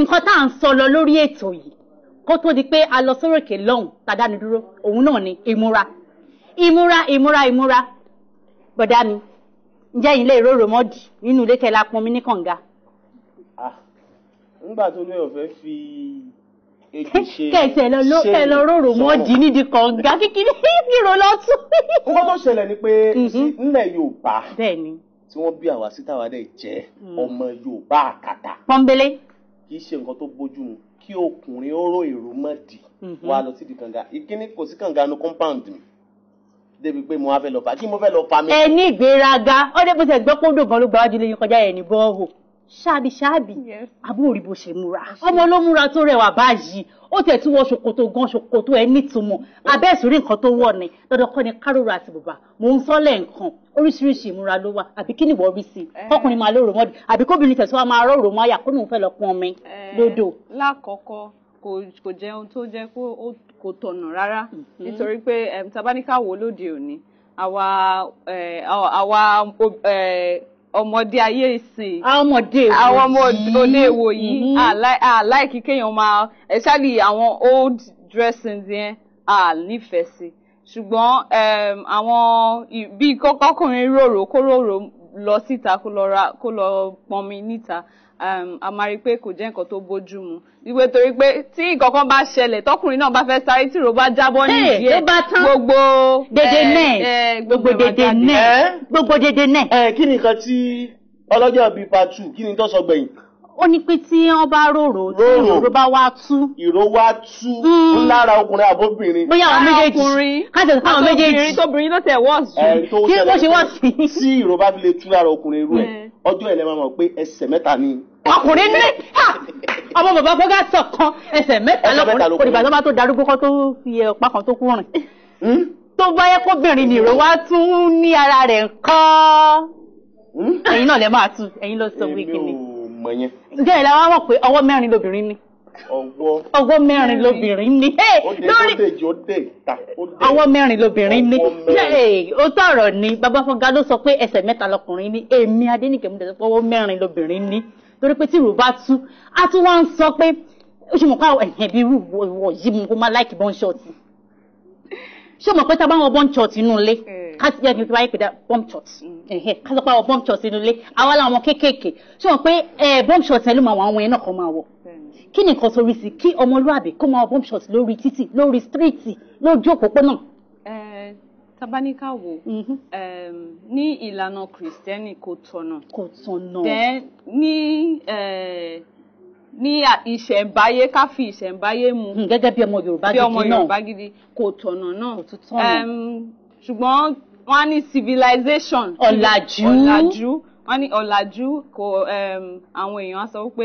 nǹkan tá à ń sọ lọ lórí ètò yìí kó tó di pé a lọ sórókè lọ́hùn tàdáni dúró òun náà ni ìmúra ìmúra ìmúra ìmúra bọ̀dá mi ǹjẹ́ yìí lè róró mọ́dì nínú ilé tẹ́lá pọn mi ní kànga. Ah, nígbà tó ní ọ̀fẹ́ fi ejò ṣe kẹsẹ̀ lọ ló kẹ lọ róró mọ́dì nídìí kànga kíkiri ìrò lọ́tún. nǹkan tó ṣẹlẹ̀ ni pé mm-hmm. nílẹ̀ Yorùbá tí wọ́n bí àwa sí táwa dẹ̀ jẹ́ mm. ọmọ Yorùbá àkàtà. pọ́nbélé kìí ṣe nǹkan tó bójú mu kí ọkùnrin ó ró èrò mọ́ di wá lọ sídìí kànga ìkíní kò sí kànga nu compound mi débi pé mo wá fẹ́ lọ fà kí mo fẹ́ lọ fà mí. ẹ ìgbéraga ó bó ṣe gbọ́ kóńdò gan ló gbà wájú lẹ́yìn kọjá ẹ̀ bọ́ọ̀hù ṣáàbì ṣáàbì àbúrò bó ṣe múra ọmọ ló múra tó rẹwà báyìí ó tẹ̀ tí wọ́n ṣòkòtò gan ṣòkòtò ẹ nítumọ̀ abẹ́sùrí nǹkan tó wọ̀ ni dandan kọ́ ni káròrò àti bùbá mò ń sọ́lẹ̀ nǹkan oríṣiríṣi ìmúra ló wà àbí kí nìwọ rí sí i eh. ọkùnrin máa lóòrò mọ́dì àbí kóbìnrin tẹ̀síwá máa rọ̀rò mọ́ àyà kó lóun fẹ́ lọ pọn omi eh, lódò. lákọ̀ọ́kọ́ kò jẹ́ ohun tó jẹ́ kó tọ̀nà rárá mhm. nítorí pé tabaníkà wo lóde òní àwa eh, ọmọdé ayé ìsìn àwọn ọmọ òde mm-hmm. èwo yìí àláìkí mm-hmm. kéèyàn máa especially àwọn old dressings yẹn à nífẹ̀ẹ́ sí ṣùgbọ́n àwọn bíi kọ́kọ́kùnrin rorò kó rorò lọ síta kó lọ pọnmi níta Um, a máa rí i pé kò jẹ́ nǹkan tó bójú mu ìwé torí pé tí nǹkan kan bá ṣẹlẹ̀ tọkùnrin náà bá fẹ́ sáré tí ìró bá jábọ́ ní ìdí ẹ̀ gbogbo dèdè eh, náà eh, eh? gbogbo dèdè náà gbogbo dèdè náà. ẹ kí ni nǹkan tí ọlọ́jọ́ bíi part two kí ni tó sọ gbẹ̀yìn ó ní pé tí wọn bá rorò tí ìró bá wá tú. ìró wá tú hmm. lára ọkùnrin àbóbìnrin. bóyá àwọn méjèèjì káṣẹ fún àwọn méjèèjì. àtòbìnrin tóbìnrin ló tẹ wọ́ọ̀sì. kí ló ṣe wọ́ọ̀sì. tí ìró bá fi lè tú lára ọkùnrin irú ẹ̀ ọjọ́ ẹ̀ lẹ́ máa mọ̀ pé ẹsẹ̀ mẹ́ta ni. ọkùnrin ní ọmọ bàbá gbọ́gá sọ kan ẹsẹ̀ mẹ́ta lọkùnrin kò dìgbà tó bá tó darúgbó kan tó fi ọ̀pá kan tó kú rìn. Hmm? tó bá yẹ kóbìnrin nìró wá tún ní ara rẹ̀ ńkọ́. Hmm? ẹ̀yin náà lẹ máa tu ẹ̀yin ló sọ wíìgì ni. èmi ò mọ̀ yẹn. ǹjẹ́ ìlà wa mọ̀ pé ọwọ́ mẹ́rin lobìnrin ní ọwọ́ ọwọ́ mẹ́rin lobìnrin ní. ó dé ó dé jù ó dé ìta ó dé. ọwọ́ mẹ́rin lobìnrin ní. ó tọ̀rọ̀ ni bàbá Fọga ló sọ pé ẹsẹ̀ mẹ́ta lọkùnrin ní èmi Adénìkẹ́ mú dẹ̀sọ́ pé ọwọ́ mẹ́rin lobìnrin ní torí pé tí ìrùbá tú a tún wá ń sọ pé ó ṣe mọ̀ pé ẹ̀hìn bí irú ìwọ̀ yìí mo máa láìkì bọ́ńṣọ̀tì ṣé o mọ̀ pé tá a bá wọn bọ́ńṣọ̀tì inú káàtì jẹ́ fífi wáyé da bomb shot kásán pa bomb shot inú ilé àwa làwọn kéékèèké ṣé wọn pé bomb shot yẹn ló máa wọ àwọn yẹn náà kọ́ máa wọ̀ kí ni nǹkan sórí sí kí ọmọlúwàbí kó máa bomb shot lórí títì lórí stíríìtì lójú òpópónà. tabaníkà wo mm-hmm. ní ìlànà kìrìsìtẹ́nì kò tọ̀nà kò tọ̀nà ní ní ìṣẹ̀ǹbáyé ká fi ìṣẹ̀ǹbáyé mu. Hmm, gẹ́gẹ́ bí ọmọ Yorùbá gidi náà bí kò tọ̀nà náà ṣùgbọ́n wọ́n á ní civilization. ọ̀làjú ọ̀làjú wọ́n ní ọ̀làjú kò àwọn èèyàn á sọ pé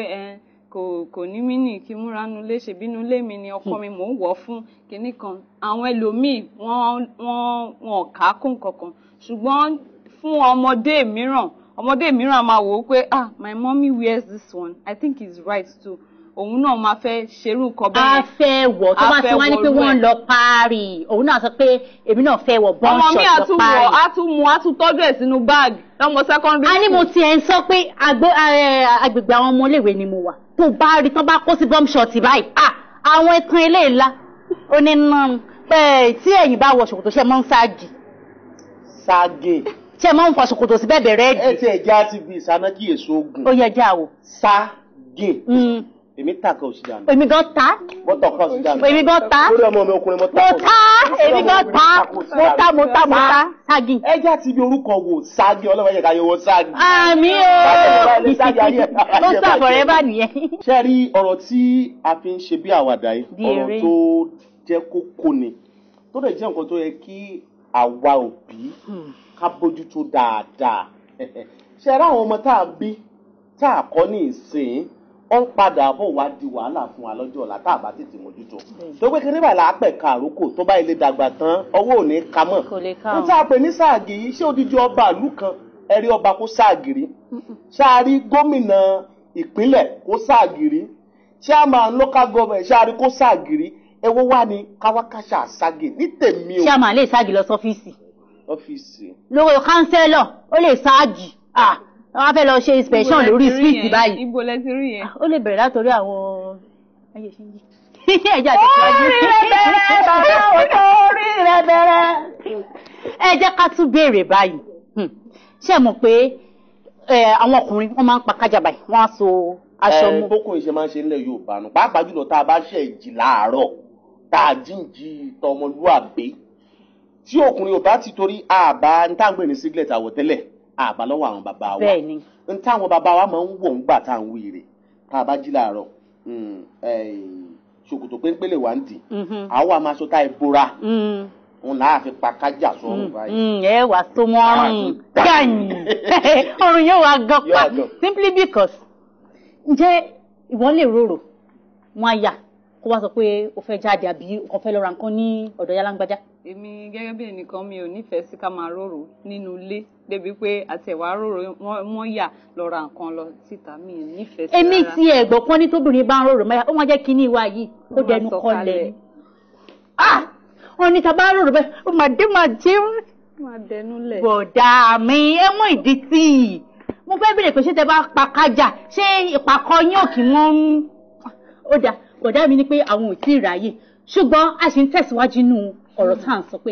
kò kò ní mí nì kí múra nu lé ṣe bínú lé mi ni ọkọ mi mò ń wọ̀ fún kinní kan àwọn ẹlòmíì wọ́n wọ́n wọ́n kà á kún kankan ṣùgbọ́n fún ọmọdé mìíràn ọmọdé mìíràn máa wò ó pé ah my mommy wears this one i think it's right too òun náà máa fẹ́ ṣerú nǹkan bẹ́ẹ̀. a fẹ́ wọ̀ tó bá ti wá ní pé wọ́n lọ parí òun náà sọ pé èmi náà fẹ́ wọ̀ bọ́ńṣọ̀ lọ parí. ọmọ mi àtúwọ̀ àtúmu àtútọ́jú ẹ̀ sínú báàgì lọ́mọ sẹ́kọ́ndírì. a ní mo tiẹ̀ ń sọ pé agbègbè àwọn ọmọléèwé ni mo wà tó bá rí tán bá kó sí bọ́ńṣọ̀tì báyìí àwọn ẹ̀kan ilé ńlá ó tí ẹ̀yin bá wọ ṣòkòtò ṣe máa ń ságì. ságì. ṣe èmi ta kan òsì dànù. èmi gan ta. bọ́tọ̀ kan òsì dànù. èmi gan ta. lórí ọmọ mi ọkùnrin mo ta. mo ta èmi gan ta mo ta mo ta mo ta ṣáàgì. ẹ já ti bí orúkọ wò ṣáàgì ọlọ́wọ́ yẹ ká yẹ wọ ṣáàgì. àmì o ló sàbọ̀ rẹ bá nìyẹn. ṣe rí ọ̀rọ̀ tí a fi ń ṣe bí àwàdà yìí ọ̀rọ̀ tó jẹ́ kókó ni tó dẹ̀ jẹ́ nǹkan tó yẹ kí àwa òbí hmm. ká bójútó dáadáa ṣe rá àwọn ọmọ tá a bí tá a kọ́ ní ìsìn ó ń padà bọ̀ wá di wàhálà fún wa lọ́jọ́ ọ̀la tá a bá tètè mójútó tó pé kíní báyìí làá pẹ̀ka àrókò tó bá ilé dàgbà tán ọwọ́ ò ní ka mọ̀ n tá a pè ní sáàgì yìí ṣé odidi ọba ìlú kan ẹ̀rí ọba kó sáàgìrì ṣáàrí gómìnà ìpínlẹ̀ kó sáàgìrì chairman local government ṣáàrí kó sáàgìrì ewo wá ní káwákáṣá ságì ní tèmi o. chairman lè ságì lọ sọ́fíìsì. ọ́fíìsì. lówó ó lè ságì. ah wọ́n á fẹ́ lọ ṣe inspection lórí street báyìí. ibo lẹ ti rí yẹn. ó lè bẹ̀rẹ̀ látòrí àwọn ayé ṣe ń yí. ẹja ti tọ́jú. orí rẹ bẹ̀rẹ̀ bàbá òtó orí rẹ bẹ̀rẹ̀. ẹ jẹ́ ká tún béèrè báyìí hmm. ṣé mọ̀ pé àwọn ọkùnrin wọ́n máa ń pa kájà báyìí wọ́n á so aṣọ mú. bókun ìṣe máa ń ṣe nílẹ̀ Yorùbá nù pàápàá jùlọ tá a bá ṣe ìjì láàárọ̀ tá a jíǹjì tọmọlúàbí tí ọkùnrin ò bá ti torí àbá ń tàgbẹ̀ ní sígílẹ̀ tàwọ̀ tẹ́lẹ̀ àbá lọ́wọ́ àwọn bàbá wa bẹ́ẹ̀ni n táwọn bàbá wa máa ń wò ń gbà tá à ń wíire tá a bá jí làárọ̀ mm, eh, ṣòkòtò wa ń dì mhm. mm. fi pa kájà sọrùn mm, báyìí. ẹ wà tó wọn ọrùn gàn ọrùn yóò wá gan pa simply because ǹjẹ́ ìwọ lè rorò wọn á kó wá sọ pé o fẹ́ jáde àbí o fẹ́ lọ ra nǹkan ní ọ̀dọ̀ yá lágbájá. èmi gẹ́gẹ́ bí ẹnìkan mi ò nífẹ̀ẹ́ sí ká máa rorò nínú ilé débi pé àtẹ̀wá rorò wọ́n yà lọ ra nǹkan lọ síta mi ò nífẹ̀ẹ́ sí rárá. èmi ti ẹ̀gbọ́n kan ní bá ń rorò mẹ́ta ó máa jẹ́ kínní ìwà yìí ó dẹnu kọlẹ̀ ah! wọn ní ta rorò bẹ́ẹ̀ ó máa dé máa jẹ́ bọ̀dà mi ẹ̀wọ̀n ìdí tí mo fẹ́ bèrè pé ṣé tẹ bá pa kájà ṣé ìpàkọ́ yín ò kí ah! ó dáa bọ̀dá mi ní pé àwọn ò tí ì ráyè ṣùgbọ́n a ṣì ń tẹ̀síwájú nínú ọ̀rọ̀ tá à ń sọ pé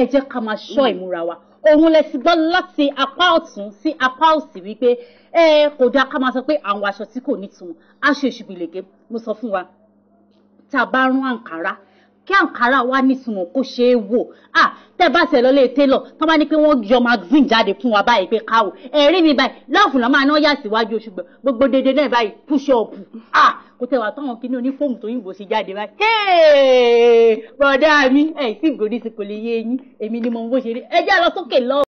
ẹ jẹ́ ká máa ṣọ́ ìmúra wa òun lẹ ti gbọ́ láti apá ọ̀tún sí apá òsì wípé ẹ kò dáa ká máa sọ pé àwọn aṣọ tí kò nítumọ̀ aṣọ ìṣubìlẹ̀gẹ́ mo sọ fún wa tá a bá rán àǹkárá kí àǹkárá wa nítumọ̀ kó ṣeé wò à tẹ́ bá tẹ̀ lọ́lé télọ̀ tán bá ní pé wọ́n yọ magazine jáde fún wa báyìí pé ká ẹ̀rí mi báyìí lọ́ọ̀fù lọ́ọ́ máa ná yà síwájú oṣù gbogbo dédé náà báyìí push up à kó tẹ wà táwọn kíní onífóònù tó yìnbó sí jáde báyìí bọ̀dá mi ẹ̀ sì gòdì sí kò lè yé eyín èmi ni mo ń bó ṣe rí ẹ lọ sókè lọ.